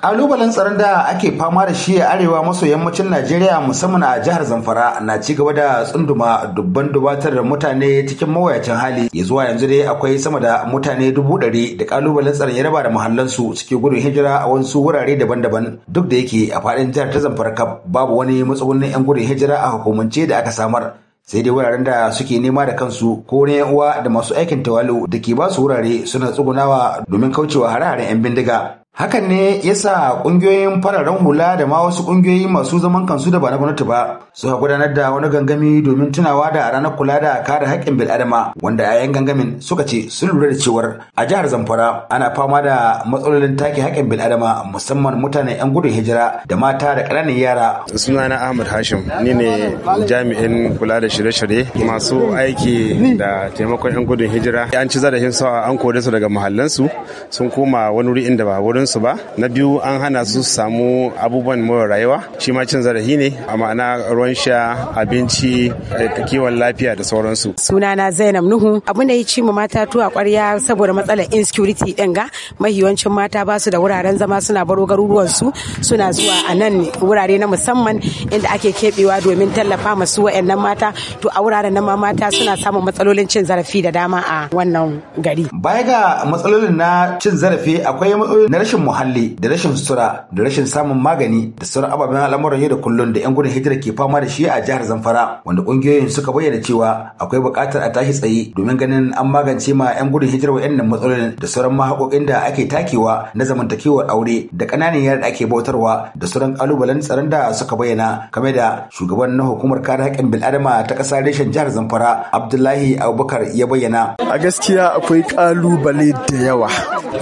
kalubalen tsaron da ake fama da shi a arewa maso yammacin najeriya musamman a jihar zamfara na ci gaba da tsunduma dubban dubatar da mutane cikin mawuyacin hali ya zuwa yanzu dai akwai sama da mutane dubu ɗari da kalubalen tsaron ya raba da muhallansu suke gudun hijira a wasu wurare daban-daban duk da yake a faɗin jihar ta zamfara kaf babu wani matsugunin yan gudun hijira a hukumance da aka samar sai dai wuraren da suke nema da kansu ko ne uwa da masu aikin tawalu da ke ba su wurare suna tsugunawa domin kaucewa hare-haren 'yan bindiga hakan ne yasa kungiyoyin fararen hula da ma wasu kungiyoyi masu zaman kansu da ba na gwamnati ba suka gudanar da wani gangami domin tunawa da ranar kula da kare haƙƙin bil'adama wanda 'ya'yan gangamin suka ce sun lura da cewar a jihar zamfara ana fama da matsalolin take haƙƙin bil'adama musamman mutanen yan gudun hijira da mata da ƙananan yara sunana ahmad hashim ni ne jami'in kula da shirye-shirye masu aiki da taimakon yan gudun hijira an ci zarafin sawa an kore su daga muhallansu sun koma wani wuri inda ba wurin su ba na biyu an hana su samu abubuwan more rayuwa shi ma cin zarafi ne a ma'ana ruwan sha abinci kiwon lafiya da sauransu sunana zainab nuhu abu ne ya ci ma mata tuwa kwarya saboda matsalar insecurity din ga mahiwancin mata ba su da wuraren zama suna baro garuruwan su suna zuwa a nan wurare na musamman inda ake kebewa domin tallafa masu wa'annan mata to a wuraren nan mata suna samun matsalolin cin zarafi da dama a wannan gari baya ga matsalolin na cin zarafi akwai matsalolin na rashin muhalli da rashin sutura da rashin samun magani da sauran ababen al'amuran yau da kullum da 'yan gudun hijira ke fama da shi a jihar Zamfara wanda kungiyoyin suka bayyana cewa akwai buƙatar a tashi tsaye domin ganin an magance ma 'yan gudun hijira wa'annan matsalolin da sauran mahaƙoƙin da ake takewa na zamantakewar aure da ƙananan yara da ake bautarwa da sauran ƙalubalen tsaron da suka bayyana game da shugaban na hukumar kare haƙƙin bil'adama ta ƙasa reshen jihar Zamfara Abdullahi Abubakar ya bayyana. A gaskiya akwai ƙalubale da yawa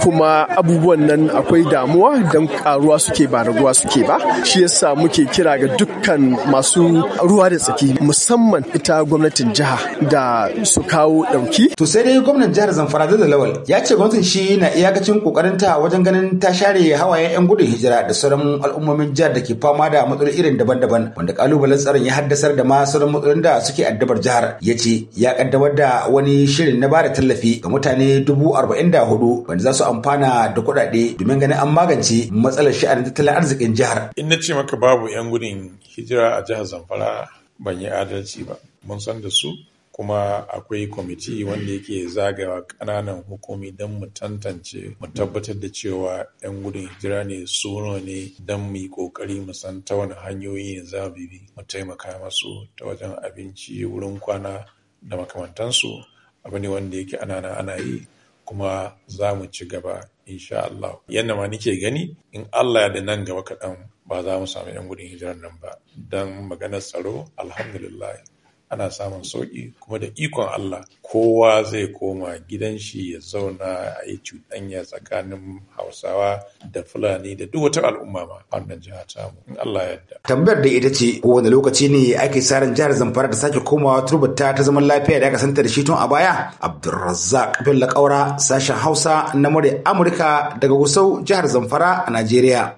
kuma abubuwan nan akwai damuwa don karuwa suke ba da ruwa suke ba shi yasa muke kira ga dukkan masu ruwa da tsaki musamman ita gwamnatin jiha da su kawo dauki to sai dai gwamnan jihar zamfara da lawal ya ce gwamnatin shi na iyakacin kokarin ta wajen ganin ta share hawayen yan gudun hijira da sauran al'ummomin jihar da ke fama da matsaloli irin daban-daban wanda kalubalen tsaron ya haddasar da ma sauran matsalolin da suke addabar jihar ya ce ya kaddamar da wani shirin na bada tallafi ga mutane dubu arba'in da hudu wanda za su su amfana da kuɗaɗe domin ganin an magance matsalar sha'anin tattalin arzikin jihar. In na ce maka babu 'yan gudun hijira a jihar Zamfara ban yi adalci ba. Mun san da su kuma akwai kwamiti wanda yake zagawa ƙananan hukumi don mu tantance mu tabbatar da cewa 'yan gudun hijira ne suno ne don mu yi ƙoƙari mu san ta wani hanyoyi ne za mu bi mu taimaka masu ta wajen abinci wurin kwana da makamantansu abu ne wanda yake anana ana yi kuma za mu ci gaba insha Allah yadda ma nike gani in Allah ya da nan gaba kaɗan ba za mu samu 'yan gudun hijirar nan ba don maganar tsaro alhamdulillah ana samun sauƙi kuma da ikon Allah kowa zai koma gidan shi ya zauna a yi cuɗanya tsakanin Hausawa da Fulani da duk wata al'umma ma wannan jiha mu in Allah ya yarda. Tambayar da ita ce ko kowane lokaci ne ake sa ran jihar Zamfara da sake komawa turbata ta zaman lafiya da aka santa da shi tun a baya. Abdulrazzaq Bello Kaura sashen Hausa na murya Amurka daga Gusau jihar Zamfara a Najeriya.